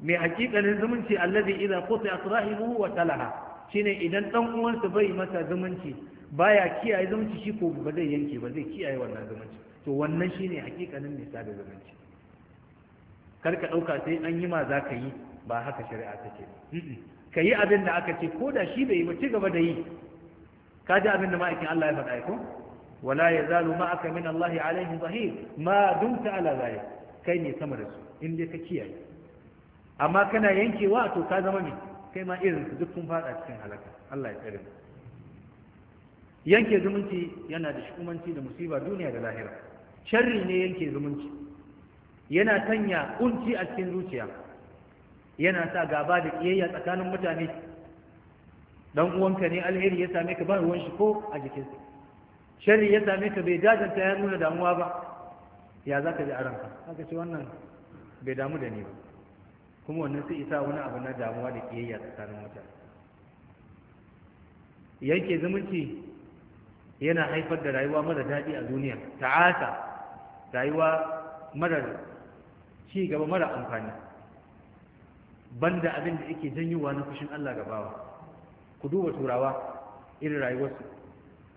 mai hakikalin zumunci allazi idza qutiya rahimuhu wa talaha shine idan dan uwansa bai masa zumunci baya kiyaye zumunci shi ko ba zai yanke ba zai kiyaye wannan zumunci to wannan shine hakikalin mai sada zumunci kar ka dauka sai an yi ma za ka yi ba haka shari'a take ka yi abin da aka ce ko da shi bai yi ba ci gaba da yi ka ji abin da ma'aikin Allah ya faɗa ko wala yazalu ma'aka min Allah alaihi zahir ma dumta ala zalik kai ne sama da su in dai ka kiyaye amma kana yankewa to ka zama ne kai ma irin su duk sun fada cikin halaka Allah ya tsare yanke zumunci yana da shukumanci da musiba duniya da lahira sharri ne yanke zumunci yana sanya kunci a cikin zuciya yana sa gaba da kiyayya tsakanin mutane dan uwanka ne alheri ya same ka ba ruwan shi ko a jikinsa sharri ya same ka bai jajanta ya nuna damuwa ba ya zaka ji a ranka haka ce wannan bai damu da ni ba kuma wannan sai isa wani abu na damuwa da kiyayya tsakanin mutane yanke zumunci yana haifar da rayuwa mara daɗi a duniya ta'asa rayuwa mara ci gaba mara amfani banda abin da yake janyowa na fushin Allah gabawa ku duba turawa irin rayuwarsu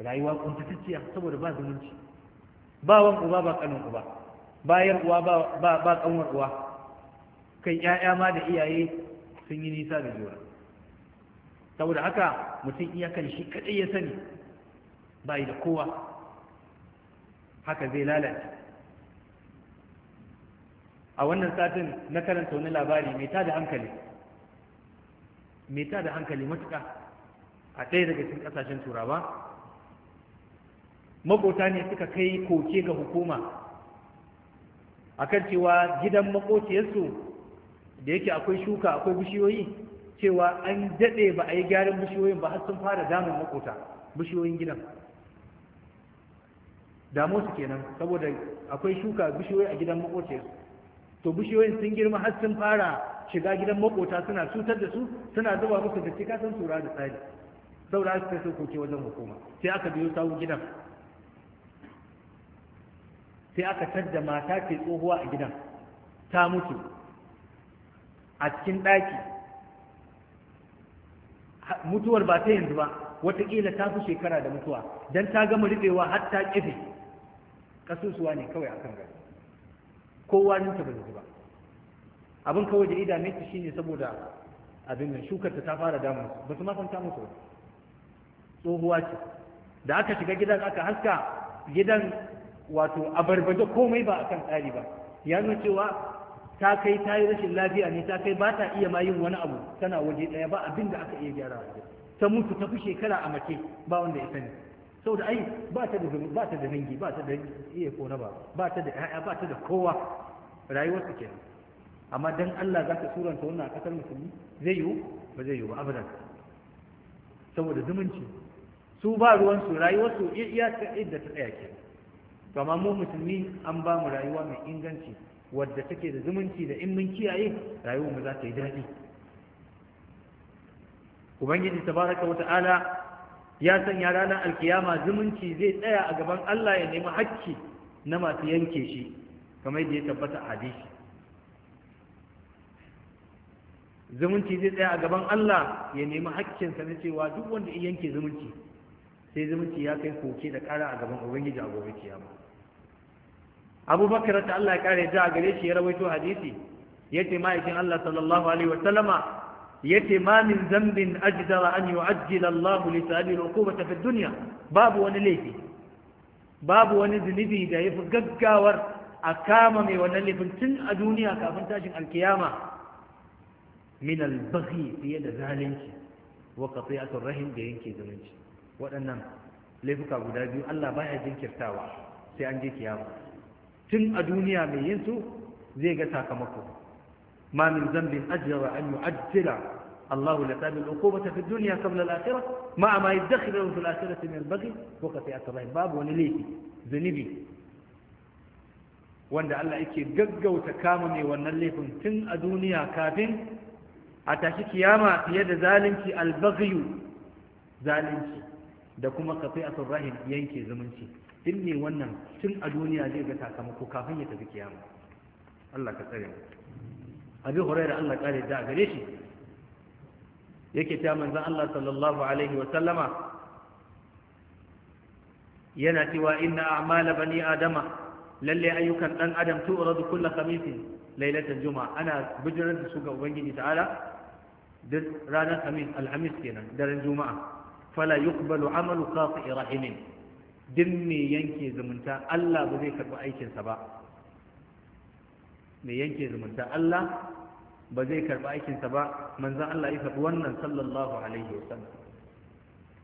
rayuwa kuntatacciya saboda ba zumunci ba wan uba ba kanin uba bayan uwa ba ba kanwar uwa kai ƴaƴa ma da iyaye sun yi nisa da juna saboda haka mutum iyakan shi kadai ya sani bai da kowa haka zai lalace a wannan satin na karanta wani labari mai tada hankali mai tada hankali matuka a ɗaya daga cikin ƙasashen turawa makota ne suka kai koke ga hukuma A akan cewa gidan makociyarsu da yake akwai shuka akwai bishiyoyi cewa an daɗe ba a yi gyaran bishiyoyin ba har sun fara damun makota bishiyoyin gidan damu su kenan saboda akwai shuka bishiyoyi a gidan makota to bishiyoyin sun girma har sun fara shiga gidan makota suna cutar da su suna zuba musu da cika sun tura da tsari saboda su kai koke wajen hukuma sai aka biyo sawu gidan sai aka tadda mata ke tsohuwa a gidan ta mutu a cikin ɗaki mutuwar ba ta yanzu ba wataƙila ta fi shekara da mutuwa don ta gama riɓewa har ta ƙife ƙasusuwa ne kawai akan gari kowa ninta ba ba abin kawai da idame ta shine saboda abin nan shukar ta fara damun ba su ma san ta musu tsohuwa ce da aka shiga gidan aka haska gidan wato a barbaje komai ba a kan tsari ba ya nuna cewa ta kai ta yi rashin lafiya ne ta kai ba ta iya ma yin wani abu tana waje ɗaya ba abin da aka iya gyara ta mutu ta fi shekara a mace ba wanda ya sani saboda ai ba ta da ba ta da dangi ba ta da iya ko na ba ba ta da ƴaƴa ba ta da kowa rayuwar ta kenan amma dan Allah za ka suranta wannan a kasar musulmi zai yiwu ba zai yiwu ba abadan saboda zumunci su ba ruwan su rayuwar su iya ta idda ta tsaya kenan to amma mu musulmi an ba mu rayuwa mai inganci wadda take da zumunci da in mun kiyaye rayuwar mu za ta yi dadi. ubangiji tabaraka wa ta'ala ya sanya ranar alkiyama zumunci zai tsaya a gaban Allah ya nemi hakki na masu yanke shi kamar yadda ya tabbata a hadisi zumunci zai tsaya a gaban Allah ya nemi sa na cewa duk wanda ya yanke zumunci sai zumunci ya kai koke da ƙara a gaban ubangiji a gobe kiyama abubakar ta Allah ya kare ja a gare shi ya rawaito hadisi yace ma'aikin Allah sallallahu alaihi wasallama yace ma min zambin ajdara an yu'ajjila Allah li sabil uqubata fi dunya babu wani laifi babu wani zunubi da fi gaggawar a kama mai wannan laifin tun a duniya kafin tashin alkiyama min al fiye da zalunci wa qati'atur rahim da yanke zalunci waɗannan laifuka guda biyu Allah baya jinkirtawa sai an je kiyama tun a duniya mai yin su zai ga sakamako ma min zambin ajira an yu'ajjira Allahu la tabi al-uqubata fi dunya qabla al-akhirah ma ma yadkhilu fi al akhirah min al-baghi wa qati'at rahim babu wani laifi zunubi wanda Allah yake gaggauta kama mai wannan laifin tun a duniya kafin a tashi kiyama fiye da zalunci al-baghi zalunci da kuma qati'at rahim yanke zumunci duk ne wannan tun a duniya zai ga sakamako kafin ya tafi kiyama Allah ka tsare mu abi hurairah Allah kare da gare shi yake ta manzon Allah sallallahu alaihi wa sallama yana cewa inna a'mala bani adama lalle ayyukan dan adam tu'radu kullu khamisin lailatul juma'a ana bijirar da su ga ubangiji ta'ala duk ranar alhamis kenan daren juma'a fala yuqbalu amalu qati'i rahimin duk mai yanke zumunta Allah ba zai karɓi aikinsa ba mai yanke zumunta Allah ba zai karɓi aikinsa ba manzan Allah ya faɗi wannan sallallahu alaihi wa sallam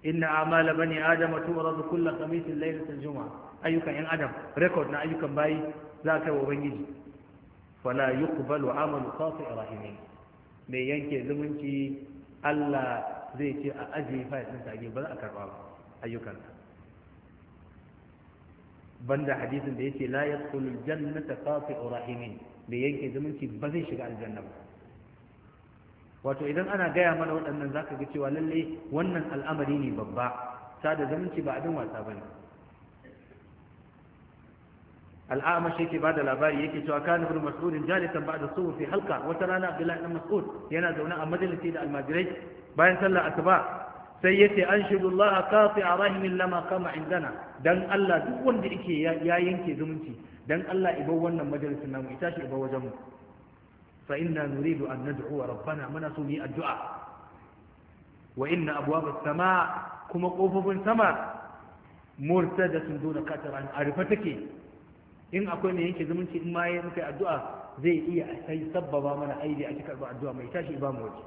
inna amala bani adama tu'radu kullu khamisin laylatil juma'a ayyukan yan adam record na ayyukan bayi za ka yi wa ubangiji fala yuqbalu amalu qati rahimi. mai yanke zumunci Allah zai ce a ajiye fayil ɗinsa a ba za a karɓa ba ayyukansa banda hadisin da yake la yadkhulu jannata qati'u rahimin bai yanke zumunci ba zai shiga aljanna ba wato idan ana gaya mana waɗannan zaka ga cewa lalle wannan al'amari ne babba sada zumunci ba abin wasa bane al'amash yake bada labari yake cewa kana ibn mas'ud jalisan ba'da suhu fi halqa wata rana abdullahi ibn mas'ud yana zaune a majalisi da almajirai bayan sallar asuba sai yace an shugullaha qati'a rahimin lama kama indana dan Allah duk wanda yake ya yanke zumunci dan Allah ibar wannan majalisin namu ita shi ibar wajen mu fa inna nuridu an nad'u rabbana muna so mu addu'a wa inna abwab as-sama kuma kofofin sama murtadatun duna qatran arifa take in akwai mai yanke zumunci in ma ya muka addu'a zai iya sai sabbaba mana aidi a cikin addu'a mai tashi ba mu waje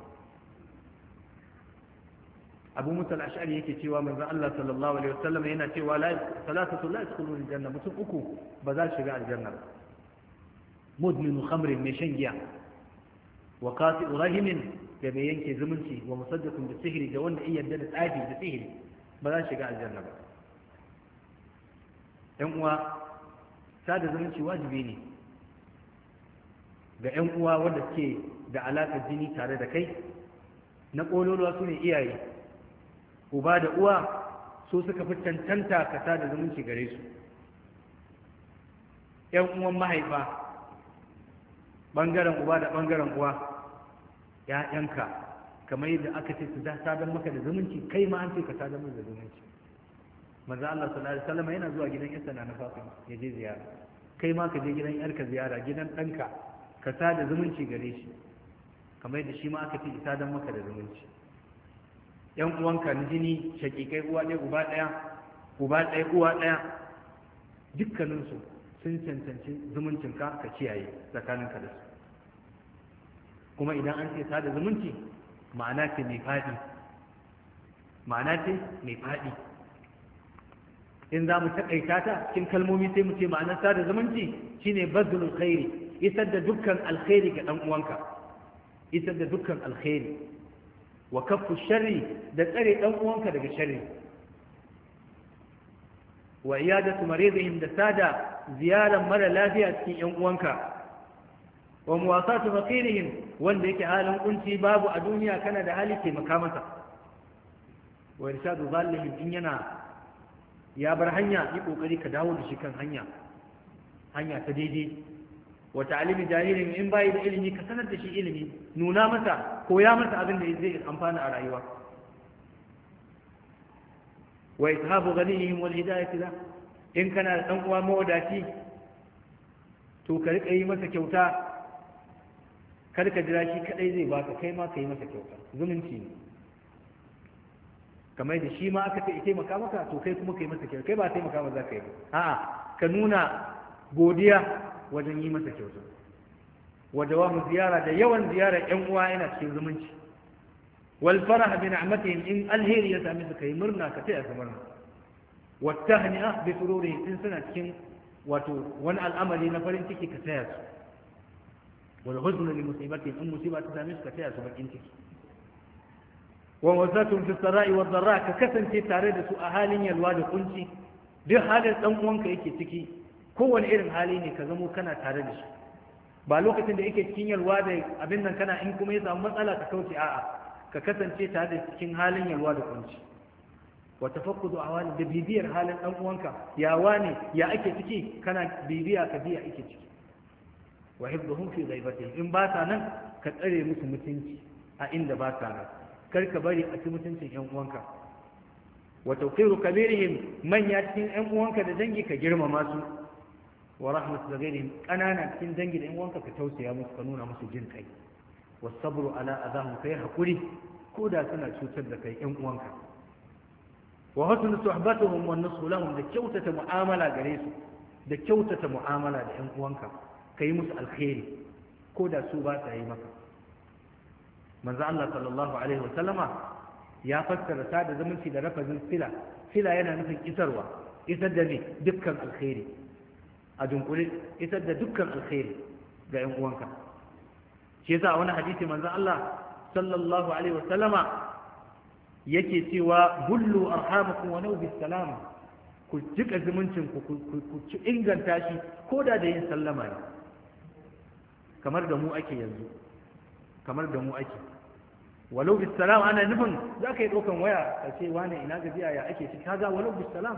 abu musa al-ash'ari yake cewa manzo Allah sallallahu alaihi wasallam yana cewa la salatu la yadkhulu al-janna mutum uku ba za shiga aljanna ba mudminu khamrin mai shan giya wa qati'u rahimin da mai yanke zumunci wa musaddiqun bi sihri da wanda iya da tsafi da sihri ba za shiga aljanna ba ɗan uwa sada zumunci wajibi ne ga ƴan uwa wanda suke da alaƙar jini tare da kai na ƙololuwa su ne iyaye uba da uwa so suka fi cancanta ka da zumunci gare su ‘yan uwan mahaifa ɓangaren uba da ɓangaren uwa ya yanka kamar yadda aka ce su don maka da zumunci kai ma an ce ka sadar maka da zumunci manzo Allah sallallahu alaihi wasallam yana zuwa gidan yarsa na Fatima ya je ziyara kai ma ka je gidan yarka ziyara gidan ɗanka ka da zumunci gare shi kamar yadda shi ma aka ce isa don maka da zumunci yan uwanka na jini shakikai uwa ɗaya uba ɗaya uba daya uwa ɗaya dukkaninsu sun cancanci zumuncin ka kiyaye ka da su kuma idan an ce sada zumunci ma'ana ce mai faɗi ma'ana ce mai fadi in za mu taƙaita ta cikin kalmomi sai mu ce ma'anar sada zumunci shine bazulul khairi isar da dukkan alkhairi ga dan uwanka isar da dukkan alkhairi wa kafu sharri da tsare dan uwanka daga sharri wa iyadatu maridihim da sada ziyaran mara lafiya cikin yan uwanka wa muwasatu faqirihim wanda yake halin kunci babu a duniya kana da hali ke makamata wa irshadu zallihim in yana ya bar hanya yi kokari ka dawo da shi kan hanya hanya ta daidai wa ta'alimi jahilin in bai da ilimi ka sanar da shi ilimi nuna masa koya masa abin da zai amfana a rayuwa wa ithabu ghanihim wal hidayati la in kana da dan uwa mawadaci to ka rika yi masa kyauta kar ka jira shi kadai zai baka kai ma ka yi masa kyauta zumunci ne kamar da shi ma aka ce taimaka maka to kai kuma kai masa kyauta kai ba taimaka ba za ka yi a'a ka nuna godiya wajen yi masa kyauta wa mu ziyara da yawan ziyara yan uwa yana cikin zumunci wal farah bi ni'matihim in alheri ya sami su kai murna ka taya kamar wa tahni'a ah bi sururi in suna cikin wato wani al'amari na farin ciki ka taya su wal huzn li musibati in musiba ta sami su ka taya su bakin ciki wa wasatun fi sarai wa dharra ka kasance tare da su a halin yalwa da kunci duk halin dan uwanka yake ciki kowane irin hali ne ka zamo kana tare da shi ba lokacin da yake cikin yalwa da abin nan kana in kuma ya samu matsala ka kauce a'a ka kasance tare da cikin halin yalwa da kunci wa tafakkudu awali da bibiyar halin dan uwanka ya wane ya ake ciki kana bibiya ka biya ake ciki wa hibduhum fi ghaibatihim in ba ta nan ka tsare musu mutunci a inda ba ta nan kar ka bari a ci mutuncin yan uwanka wa tawqiru kabirihim manya cikin yan uwanka da dangi ka girmama su wa rahmat da gairi ƙanana cikin dangi da in wanka ka tausaya musu ka nuna musu jin kai wa sabru ala azahum kai hakuri ko da suna cutar da kai ƴan uwanka wa husn suhbatuhum wa nushu lahum da kyautata mu'amala gare su da kyautata mu'amala da ƴan uwanka kai musu alkhairi ko da su ba ta yi maka manzo Allah sallallahu alaihi wa sallama ya fassara sada zumunci da rafazin sila sila yana nufin isarwa isar da ne dukkan alkhairi a dunkule isar da dukkan alkhairi ga yan uwanka shi yasa wani hadisi manzo Allah sallallahu alaihi wasallama yake cewa bullu arhamakum wa nawbi salama ku jika zumuncin ku ku inganta shi koda da yin sallama ne kamar da mu ake yanzu kamar da mu ake walau bis salam ana nufin za ka yi ɗaukan waya ka ce wane ina gajiya ya ake ci kaga walau bis salam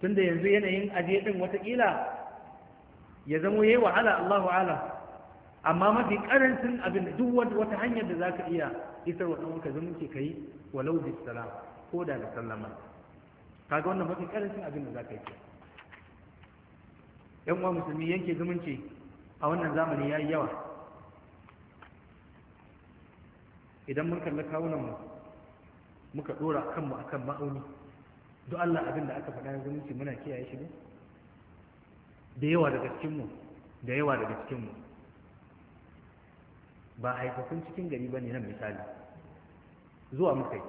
tunda yanzu yanayin aje din watakila ya zamo yayi ala Allahu ala amma mafi karancin abin duk wata hanyar da zaka iya isar wa ɗan'uwanka zumunci kai walau bi salam ko da da sallama kaga wannan mafi karancin abin da zaka yi yan uwa musulmi yanke zumunci a wannan zamani yayi yawa idan mun kalli kawunan mu muka dora kanmu akan ma'auni duk Allah abin da aka faɗa zumunci muna kiyaye shi ne da yawa daga cikinmu da yawa daga cikinmu ba haifafin cikin gari ba ne nan misali zuwa muka yi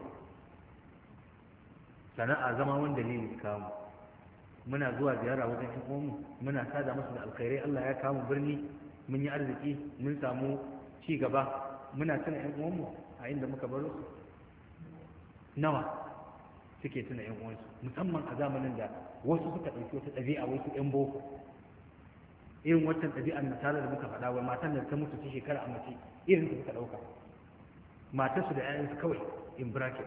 sana'a zama wanda ne kamu muna zuwa ziyara wajen yan uwanmu muna sada masu da alkhairai Allah ya kamu birni mun yi arziki mun samu ci gaba muna tuna yan uwanmu a inda muka baro su nawa suke tuna yan uwansu musamman a zamanin da wasu suka ɗauki wata ɗabi'a wasu yan boko irin wancan ɗabi'ar misali da muka faɗa wa matan da ta mutu ta shekara a mace irin ta suka ɗauka matarsu da 'ya'yansu kawai in bracket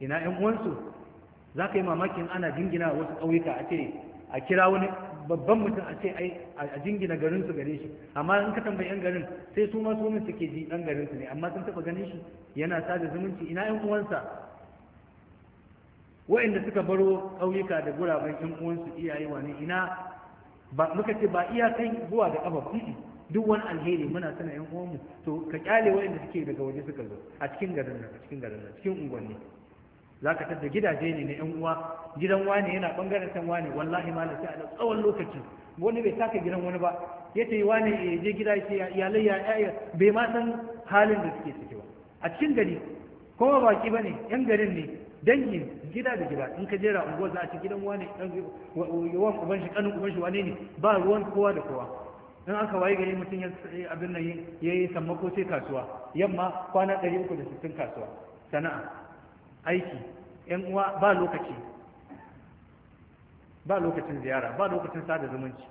ina 'yan uwansu za ka yi mamakin ana jingina wasu ƙauyuka a ce a kira wani babban mutum a ce ai a jingina garin su gare shi amma in ka tambayi yan garin sai su ma sunan suke ji ɗan garin su ne amma sun taɓa ganin shi yana sada zumunci ina yan uwansa wa'inda suka baro ƙauyuka da guraben yan uwansu iyaye wani ina ba muka ce ba iyakan zuwa da kafa duk wani alheri muna tana yan uwanmu to ka kyale wayanda suke daga waje suka zo a cikin garin nan a cikin garin nan cikin unguwanni za ka tadda gidaje ne na yan uwa gidan wani yana bangaren san wani wallahi Malam sai a tsawon lokaci wani bai taka gidan wani ba ya ce wani ya eh, je gida ya iyalai ya bai ma san halin da suke ciki ba a cikin gari kuma baki bane yan garin ne dangi gida da gida in ka jera unguwar za a ci gidan wani yawan uban shi kanin uban shi wane ne ba ruwan kowa da kowa in aka waye gari mutum ya abin nan ya yi sammako sai kasuwa yamma kwana 360 kasuwa sana'a aiki yan uwa ba lokaci ba lokacin ziyara ba lokacin sada zumunci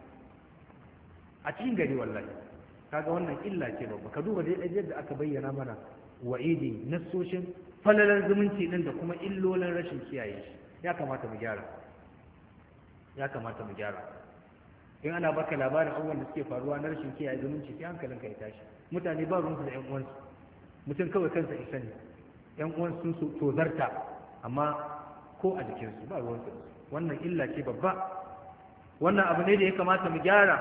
a cikin gari wallahi kaga wannan illa ce babba ka duba dai yadda aka bayyana mana wa'idi nassoshin falalar zumunci din da kuma illolin rashin kiyaye shi ya kamata mu gyara ya kamata mu gyara in ana baka labarin abubuwan da suke faruwa na rashin kiyaye zumunci sai hankalin ka ya tashi mutane ba ruwansu da yan uwansu mutum kawai kansa isa ne. yan uwansu sun tozarta amma ko a jikinsu ba ruwansu wannan illa ce babba wannan abu ne da ya kamata mu gyara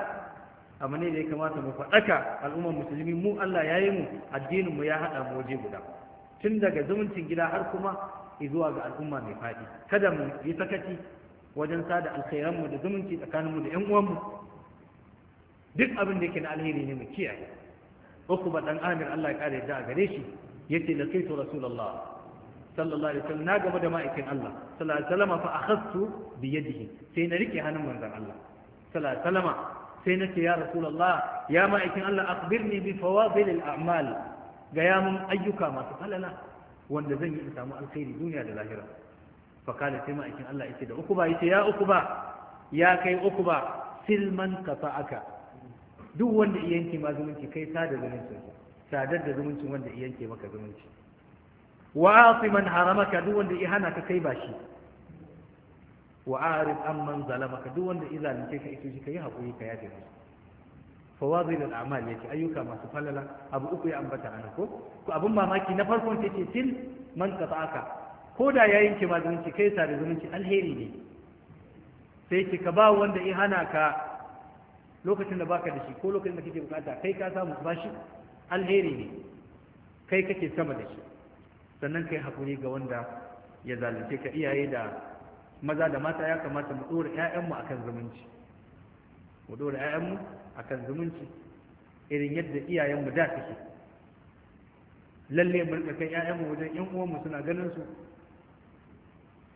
abu ne da ya kamata mu faɗaka al'ummar musulmi mu Allah ya yi mu addinin mu ya haɗa mu waje guda tun daga zumuncin gida har kuma zuwa ga al'umma mai faɗi kada mu yi sakaci wajen sada alkhairanmu da zumunci tsakaninmu da 'yan uwanmu duk abin da yake na alheri ne mu kiyaye uku ba dan amir Allah ya kare da gare shi yace laqaitu rasulullah sallallahu alaihi wasallam na gaba da ma'aikin Allah sallallahu alaihi wasallam fa akhadtu bi yadihi sai na rike hannun manzon Allah sallallahu alaihi wasallam sai na ce ya rasulullah ya ma'aikin Allah akhbirni bi fawadil al a'mal gaya mun ayyuka masu falala wanda zan yi in samu alkhairi duniya da lahira fa sai ma'aikin Allah yake da ukuba yace ya ukuba ya kai ukuba silman aka. duk wanda iyanke ma zumunci kai da zumuncin sadar da zumuncin wanda iyanke maka zumunci wa man haramaka duk wanda ya hana ka kai bashi wa arif amman zalamaka duk wanda izalunce ka ito ji kai hakuri ka yafe musu fawazin al'amal ya ce ayyuka masu falala abu uku ya ambata a ko ko abin mamaki na farko ta ce man tafa'aka ko da ya yanke ma zumunci kai sa da zumunci alheri ne sai ki ka ba wanda ya hana ka lokacin da baka da shi ko lokacin da kake bukata kai ka samu ba shi alheri ne kai kake sama da shi sannan kai hakuri ga wanda ya zalunce ka iyaye da maza da mata ya kamata mu dora ƴaƴanmu akan zumunci mu dora ƴaƴanmu akan zumunci irin yadda iyayenmu da suke lalle mun ɗaukar kai ƴaƴanmu wajen ƴan uwanmu suna ganin su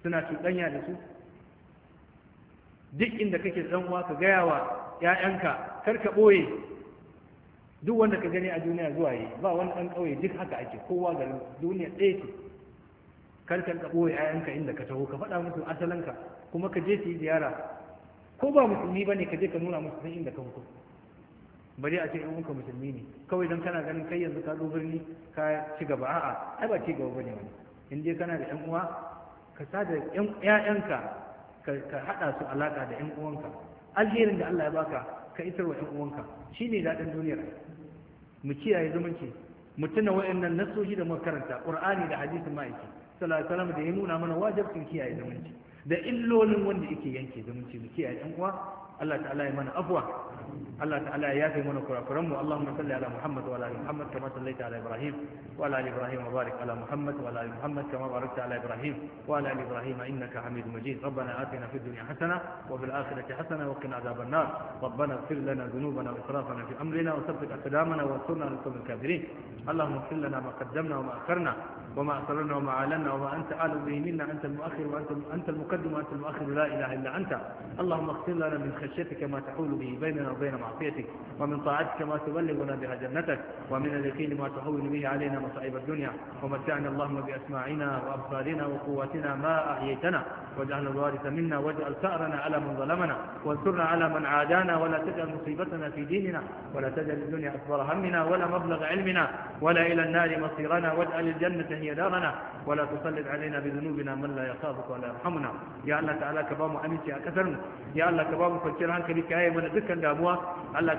suna cuɗanya da su duk inda kake da uwa ka gaya wa ƴaƴanka kar ka ɓoye duk wanda ka gani a duniya zuwa yi ba wani ɗan ƙauye duk haka ake kowa garin duniya ɗaya ce kar ka ɓoye ƴaƴanka inda ka taho ka faɗa musu asalanka kuma ka je su yi ziyara ko ba musulmi ba ne ka je ka nuna musu san inda ka hukunta bari a ce in muka musulmi ne kawai don kana ganin kai yanzu ka birni ka ci gaba a'a ai ba ci gaba bane wani in dai kana da yan uwa ka sada yan ƴaƴanka ka hada su alaka da yan uwanka alherin da Allah ya baka ka isar wa yan uwanka shine daɗin duniyar mu kiyaye zumunci mu tuna wayannan nasoshi da muka karanta qur'ani da hadisin ma'aiki sallallahu alaihi wasallam da ya nuna mana wajibin kiyaye zumunci da illolin wanda yake yanke zumunci mu kiyaye yan uwa Allah ta'ala ya mana afwa Allah ta'ala ya yafe mana kurakuran mu Allahumma salli ala Muhammad wa ala ali Muhammad kama sallaita ala Ibrahim wa ala ali Ibrahim wa barik ala Muhammad wa ala ali Muhammad kama barakta ala Ibrahim wa ala ali Ibrahim innaka Hamidum Majid ربنا آتنا في الدنيا حسنة وفي الآخرة حسنة وقنا عذاب النار ربنا اغفر fi ذنوبنا وإسرافنا في أمرنا وثبت أقدامنا وانصرنا على القوم الكافرين اللهم اغفر ma ما قدمنا ma أخرنا وما أسررنا وما أعلنا وما أنت أعلم به منا أنت المؤخر وأنت أنت المقدم وأنت المؤخر لا إله إلا أنت اللهم اغفر لنا من خشيتك ما تحول به بيننا وبين معصيتك ومن طاعتك ما تبلغنا بها جنتك ومن اليقين ما تحول به علينا مصائب الدنيا ومتعنا اللهم بأسماعنا وأبصارنا وقواتنا ما أحييتنا واجعلنا الوارث منا واجعل ثأرنا على من ظلمنا وانصرنا على من عادانا ولا تجعل مصيبتنا في ديننا ولا تجعل الدنيا أكبر همنا ولا مبلغ علمنا ولا إلى النار مصيرنا واجعل الجنة هي يدارنا ولا تسلط علينا بذنوبنا من لا يخافك ولا يرحمنا يا الله تعالى كبام امنتي اكثرنا يا الله كبام فكر هنك بك يا من دكان دابوا الله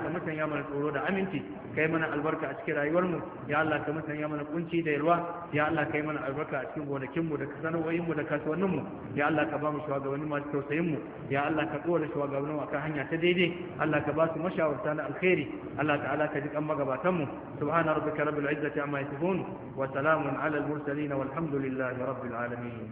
cikin rayuwarmu يا الله كمتن يا من كنشي دا يلوا يا الله كاي من a cikin da sanawoyinmu da kasuwanninmu يا الله كبام shugabanni masu tausayinmu يا hanya ta daidai الله ka ba su da na alkhairi الله تعالى ka ji kan magabatanmu subhana rabbika rabbil izzati amma yasifun wa المرسلين والحمد لله رب العالمين